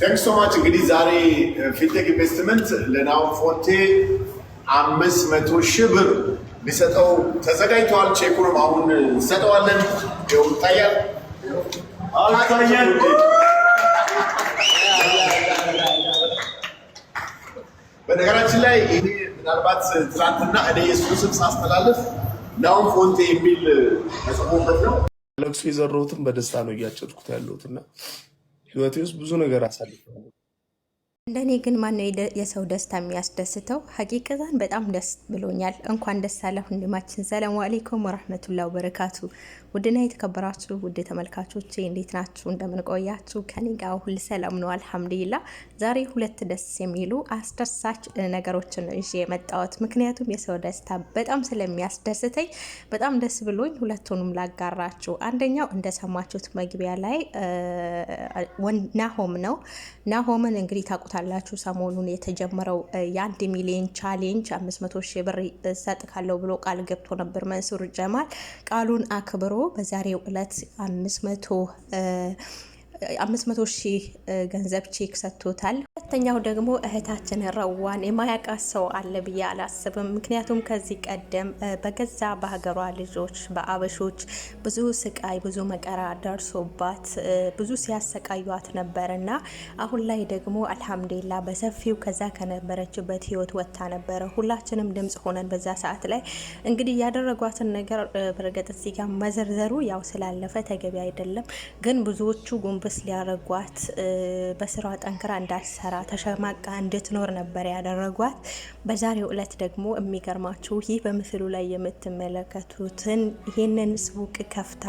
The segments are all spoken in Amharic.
ተንክስ ሶማች እንግዲህ ዛሬ ፊንቴክ ኢንቨስትመንት ለናሆም ፎንቴ አምስት መቶ ሺህ ብር ሊሰጠው ተዘጋጅተዋል። ቼኩንም አሁን እንሰጠዋለን። ይኸው ይታያል በነገራችን ላይ ይሄ ምናልባት ትናንትና እኔ የሱ ሳስተላልፍ ናሆም ፎንቴ የሚል ተጽፎበት ነው። ለቅሶ የዘራሁትን በደስታ ነው እያጨድኩት ያለሁትና ህይወቴ ውስጥ ብዙ ነገር አሳልፈዋል። እንደኔ ግን ማነው የሰው ደስታ የሚያስደስተው? ሀቂቅዛን በጣም ደስ ብሎኛል። እንኳን ደስ አለ ወንድማችን። ሰላሙ አሌይኩም ወረሕመቱላሂ ወበረካቱ ውድና የተከበራችሁ ውድ ተመልካቾቼ እንዴት ናችሁ? እንደምንቆያችሁ ከኔ ጋ ሁል ሰላም ነው አልሐምዱሊላ። ዛሬ ሁለት ደስ የሚሉ አስደሳች ነገሮችን ነው ይዤ የመጣሁት። ምክንያቱም የሰው ደስታ በጣም ስለሚያስደስተኝ በጣም ደስ ብሎኝ ሁለቱንም ላጋራችሁ። አንደኛው እንደሰማችሁት መግቢያ ላይ ናሆም ነው። ናሆምን እንግዲህ ታውቁታላችሁ። ሰሞኑን የተጀመረው የአንድ ሚሊዮን ቻሌንጅ አምስት መቶ ሺህ ብር ሰጥ ካለው ብሎ ቃል ገብቶ ነበር መንሱር ጀማል ቃሉን አክብሮ በዛሬው ዕለት አምስት መቶ አምስት መቶ ሺህ ገንዘብ ቼክ ሰጥቶታል። ሁለተኛው ደግሞ እህታችን ረዋን የማያውቃት ሰው አለ ብዬ አላስብም። ምክንያቱም ከዚህ ቀደም በገዛ በሀገሯ ልጆች በአበሾች ብዙ ስቃይ፣ ብዙ መቀራ ደርሶባት ብዙ ሲያሰቃዩት ነበር እና አሁን ላይ ደግሞ አልሐምዱሊላ በሰፊው ከዛ ከነበረችበት ህይወት ወጥታ ነበረ። ሁላችንም ድምጽ ሆነን በዛ ሰዓት ላይ እንግዲህ ያደረጓትን ነገር በርግጥ እዚህ ጋር መዘርዘሩ ያው ስላለፈ ተገቢ አይደለም፣ ግን ብዙዎቹ ጉንብ ፎከስ ሊያረጓት በስራ ጠንክራ እንዳትሰራ ተሸማቃ እንድትኖር ነበር ያደረጓት። በዛሬው ዕለት ደግሞ የሚገርማችሁ ይህ በምስሉ ላይ የምትመለከቱትን ይህንን ሱቅ ከፍታ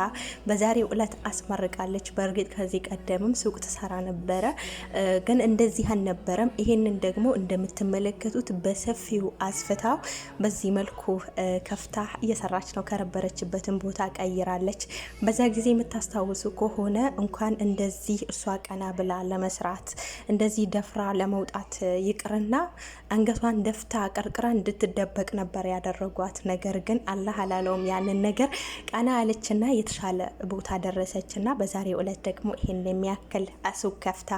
በዛሬው ዕለት አስመርቃለች። በእርግጥ ከዚህ ቀደምም ሱቅ ትሰራ ነበረ፣ ግን እንደዚህ አልነበረም። ይህንን ደግሞ እንደምትመለከቱት በሰፊው አስፍታው በዚህ መልኩ ከፍታ እየሰራች ነው። ከነበረችበትን ቦታ ቀይራለች። በዛ ጊዜ የምታስታውሱ ከሆነ እንኳን እንደ እንደዚህ እሷ ቀና ብላ ለመስራት እንደዚህ ደፍራ ለመውጣት ይቅርና አንገቷን ደፍታ ቀርቅራ እንድትደበቅ ነበር ያደረጓት። ነገር ግን አላህ አላለውም ያንን ነገር። ቀና አለችና የተሻለ ቦታ ደረሰችና በዛሬው ዕለት ደግሞ ይሄን የሚያክል ሱቅ ከፍታ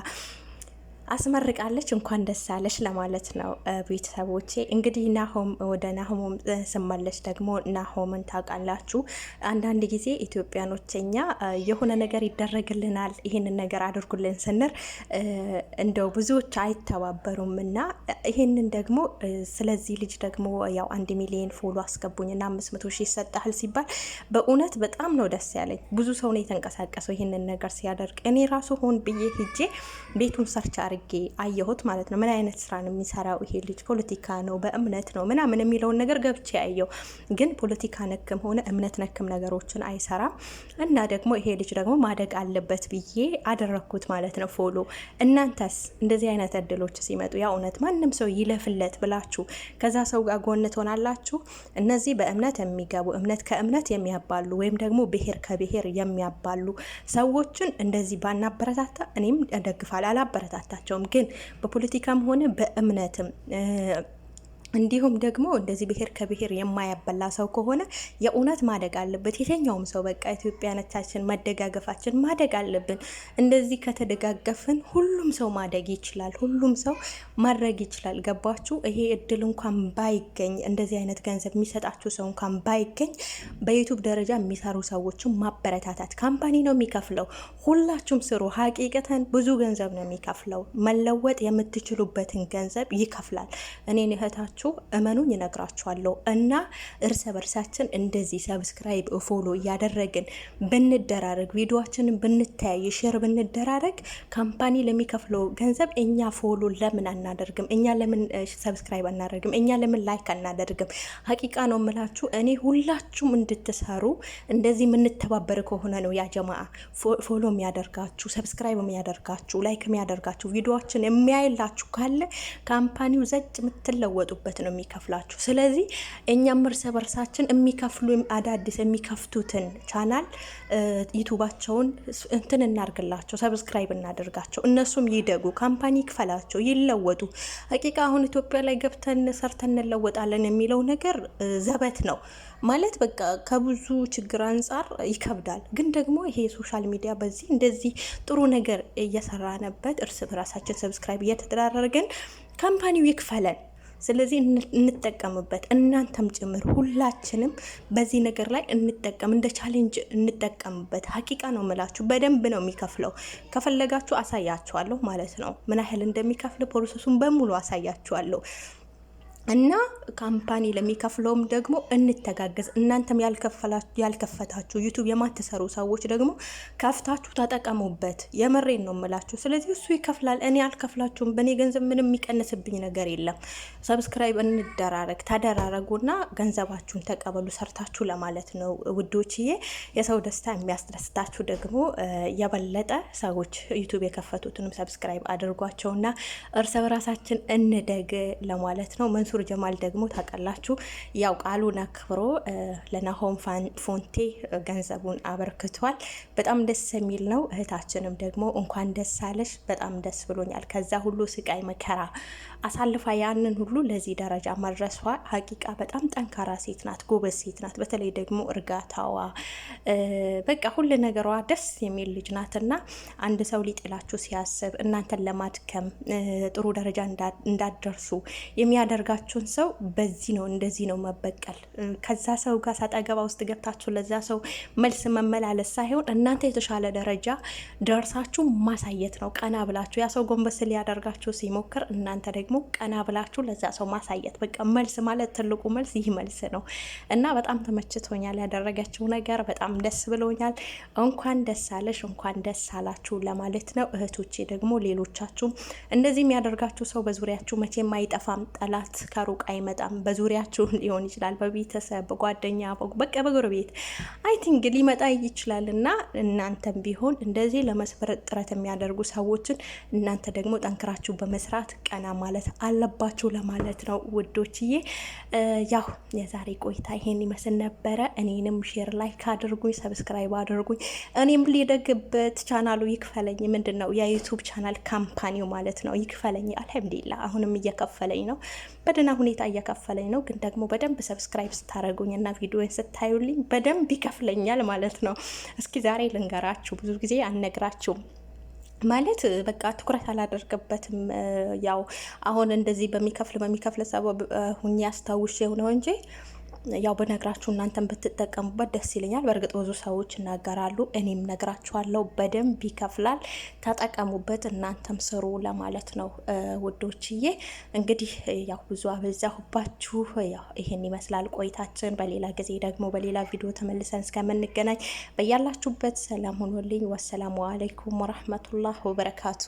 አስመርቃለች። እንኳን ደስ አለች ለማለት ነው ቤተሰቦቼ። እንግዲህ ናሆም ወደ ናሆም ስመለስ ደግሞ ናሆምን ታውቃላችሁ፣ አንዳንድ ጊዜ ኢትዮጵያኖች እኛ የሆነ ነገር ይደረግልናል፣ ይህንን ነገር አድርጉልን ስንር እንደው ብዙዎች አይተባበሩም እና ይህንን ደግሞ ስለዚህ ልጅ ደግሞ ያው አንድ ሚሊዮን ፎሎ አስገቡኝ እና አምስት መቶ ሺህ ይሰጣል ሲባል በእውነት በጣም ነው ደስ ያለኝ። ብዙ ሰው ነው የተንቀሳቀሰው ይህንን ነገር ሲያደርግ። እኔ ራሱ ሆን ብዬ ሂጄ ቤቱን ሰርቻ አርጌ አየሁት ማለት ነው። ምን አይነት ስራ ነው የሚሰራው ይሄ ልጅ? ፖለቲካ ነው በእምነት ነው ምናምን የሚለውን ነገር ገብቼ ያየው፣ ግን ፖለቲካ ነክም ሆነ እምነት ነክም ነገሮችን አይሰራም እና ደግሞ ይሄ ልጅ ደግሞ ማደግ አለበት ብዬ አደረግኩት ማለት ነው ፎሎ። እናንተስ እንደዚህ አይነት እድሎች ሲመጡ ያ እውነት ማንም ሰው ይለፍለት ብላችሁ ከዛ ሰው ጋር ጎን ትሆናላችሁ። እነዚህ በእምነት የሚገቡ እምነት ከእምነት የሚያባሉ ወይም ደግሞ ብሄር ከብሄር የሚያባሉ ሰዎችን እንደዚህ ባናበረታታ እኔም ደግፋል አላበረታታ የላቸውም። ግን በፖለቲካም ሆነ በእምነትም እንዲሁም ደግሞ እንደዚህ ብሔር ከብሔር የማያበላ ሰው ከሆነ የእውነት ማደግ አለበት። የትኛውም ሰው በቃ ኢትዮጵያነታችን መደጋገፋችን ማደግ አለብን። እንደዚህ ከተደጋገፍን ሁሉም ሰው ማደግ ይችላል። ሁሉም ሰው ማድረግ ይችላል። ገባችሁ? ይሄ እድል እንኳን ባይገኝ፣ እንደዚህ አይነት ገንዘብ የሚሰጣችሁ ሰው እንኳን ባይገኝ፣ በዩቱብ ደረጃ የሚሰሩ ሰዎችን ማበረታታት። ካምፓኒ ነው የሚከፍለው። ሁላችሁም ስሩ። ሀቂቅተን ብዙ ገንዘብ ነው የሚከፍለው። መለወጥ የምትችሉበትን ገንዘብ ይከፍላል። እኔን እህታችሁ ካላችሁ እመኑኝ እነግራችኋለሁ። እና እርሰ በርሳችን እንደዚህ ሰብስክራይብ ፎሎ እያደረግን ብንደራረግ፣ ቪዲዮችንን ብንተያይ፣ ሼር ብንደራረግ ካምፓኒ ለሚከፍለው ገንዘብ እኛ ፎሎ ለምን አናደርግም? እኛ ለምን ሰብስክራይብ አናደርግም? እኛ ለምን ላይክ አናደርግም? ሀቂቃ ነው ምላችሁ። እኔ ሁላችሁም እንድትሰሩ እንደዚህ የምንተባበር ከሆነ ነው ያ ጀማአ ፎሎ የሚያደርጋችሁ ሰብስክራይብ የሚያደርጋችሁ ላይክ የሚያደርጋችሁ ቪዲዮችን የሚያይላችሁ ካለ ካምፓኒው ዘጭ የምትለወጡበት በህይወት ነው የሚከፍላችሁ። ስለዚህ እኛም እርስ በርሳችን የሚከፍሉ አዳዲስ የሚከፍቱትን ቻናል ዩቱባቸውን እንትን እናርግላቸው፣ ሰብስክራይብ እናደርጋቸው፣ እነሱም ይደጉ፣ ካምፓኒ ይክፈላቸው፣ ይለወጡ። ሀቂቃ አሁን ኢትዮጵያ ላይ ገብተን ሰርተን እንለወጣለን የሚለው ነገር ዘበት ነው ማለት በቃ ከብዙ ችግር አንጻር ይከብዳል። ግን ደግሞ ይሄ ሶሻል ሚዲያ በዚህ እንደዚህ ጥሩ ነገር እየሰራንበት እርስ በራሳችን ሰብስክራይብ እየተደራረግን ካምፓኒው ይክፈለን። ስለዚህ እንጠቀምበት፣ እናንተም ጭምር ሁላችንም በዚህ ነገር ላይ እንጠቀም፣ እንደ ቻሌንጅ እንጠቀምበት። ሀቂቃ ነው ምላችሁ፣ በደንብ ነው የሚከፍለው። ከፈለጋችሁ አሳያችኋለሁ ማለት ነው ምን ያህል እንደሚከፍል ፕሮሰሱን በሙሉ አሳያችኋለሁ። እና ካምፓኒ ለሚከፍለውም ደግሞ እንተጋገዝ። እናንተም ያልከፈታችሁ ዩቱብ የማትሰሩ ሰዎች ደግሞ ከፍታችሁ ተጠቀሙበት። የምሬን ነው የምላችሁ። ስለዚህ እሱ ይከፍላል፣ እኔ አልከፍላችሁም። በእኔ ገንዘብ ምንም የሚቀንስብኝ ነገር የለም። ሰብስክራይብ እንደራረግ፣ እና ገንዘባችሁን ተቀበሉ፣ ሰርታችሁ ለማለት ነው ውዶችዬ። የሰው ደስታ የሚያስደስታችሁ ደግሞ የበለጠ ሰዎች ዩቱብ የከፈቱትንም ሰብስክራይብ አድርጓቸውና እርስ በራሳችን እንደግ ለማለት ነው። መንሱር ጀማል ደግሞ ታውቃላችሁ፣ ያው ቃሉን አክብሮ ለናሆም ፎንቴ ገንዘቡን አበርክቷል። በጣም ደስ የሚል ነው። እህታችንም ደግሞ እንኳን ደስ አለሽ፣ በጣም ደስ ብሎኛል። ከዛ ሁሉ ስቃይ መከራ አሳልፋ ያንን ሁሉ ለዚህ ደረጃ መድረሷ ሀቂቃ በጣም ጠንካራ ሴት ናት፣ ጎበዝ ሴት ናት። በተለይ ደግሞ እርጋታዋ በቃ ሁሉ ነገሯ ደስ የሚል ልጅ ናት እና አንድ ሰው ሊጥላችሁ ሲያስብ እናንተን ለማድከም ጥሩ ደረጃ እንዳደርሱ የሚያደርጋ ያላችሁን ሰው በዚህ ነው እንደዚህ ነው መበቀል። ከዛ ሰው ጋር ሳጠገባ ውስጥ ገብታችሁ ለዛ ሰው መልስ መመላለስ ሳይሆን እናንተ የተሻለ ደረጃ ደርሳችሁ ማሳየት ነው። ቀና ብላችሁ ያ ሰው ጎንበስ ሊያደርጋችሁ ሲሞክር እናንተ ደግሞ ቀና ብላችሁ ለዛ ሰው ማሳየት። በቃ መልስ ማለት ትልቁ መልስ ይህ መልስ ነው እና በጣም ተመችቶኛል ያደረገችው ነገር፣ በጣም ደስ ብሎኛል። እንኳን ደስ አለሽ፣ እንኳን ደስ አላችሁ ለማለት ነው። እህቶቼ ደግሞ ሌሎቻችሁ እንደዚህ የሚያደርጋችሁ ሰው በዙሪያችሁ መቼም አይጠፋም ጠላት ከሩቅ አይመጣም። በዙሪያችሁ ሊሆን ይችላል፣ በቤተሰብ በጓደኛ፣ በቃ በጎረቤት አይ ቲንክ ሊመጣ ይችላል እና እናንተም ቢሆን እንደዚህ ለመስፈረጥ ጥረት የሚያደርጉ ሰዎችን እናንተ ደግሞ ጠንክራችሁ በመስራት ቀና ማለት አለባችሁ ለማለት ነው ውዶችዬ። ያው የዛሬ ቆይታ ይሄን ይመስል ነበረ። እኔንም ሼር ላይክ አድርጉኝ፣ ሰብስክራይብ አድርጉኝ። እኔም ሊደግበት ቻናሉ ይክፈለኝ ምንድን ነው የዩቱብ ቻናል ካምፓኒው ማለት ነው ይክፈለኝ። አልሐምዱሊላ አሁንም እየከፈለኝ ነው። በደ በደህና ሁኔታ እየከፈለኝ ነው። ግን ደግሞ በደንብ ሰብስክራይብ ስታደረጉኝ እና ቪዲዮን ስታዩልኝ በደንብ ይከፍለኛል ማለት ነው። እስኪ ዛሬ ልንገራችሁ። ብዙ ጊዜ አልነግራችሁም ማለት በቃ ትኩረት አላደርግበትም። ያው አሁን እንደዚህ በሚከፍል በሚከፍል ሰበብ ሁኜ አስታውሽ የሆነው እንጂ ያው በነግራችሁ እናንተን ብትጠቀሙበት ደስ ይለኛል። በእርግጥ ብዙ ሰዎች ይናገራሉ፣ እኔም ነግራችኋለሁ። በደንብ ይከፍላል፣ ተጠቀሙበት፣ እናንተም ስሩ ለማለት ነው ውዶችዬ። እንግዲህ ያው ብዙ አበዛሁባችሁ። ይህን ይመስላል ቆይታችን። በሌላ ጊዜ ደግሞ በሌላ ቪዲዮ ተመልሰን እስከምንገናኝ በያላችሁበት ሰላም ሁኑልኝ። ወሰላሙ አለይኩም ወረህመቱላህ ወበረካቱ።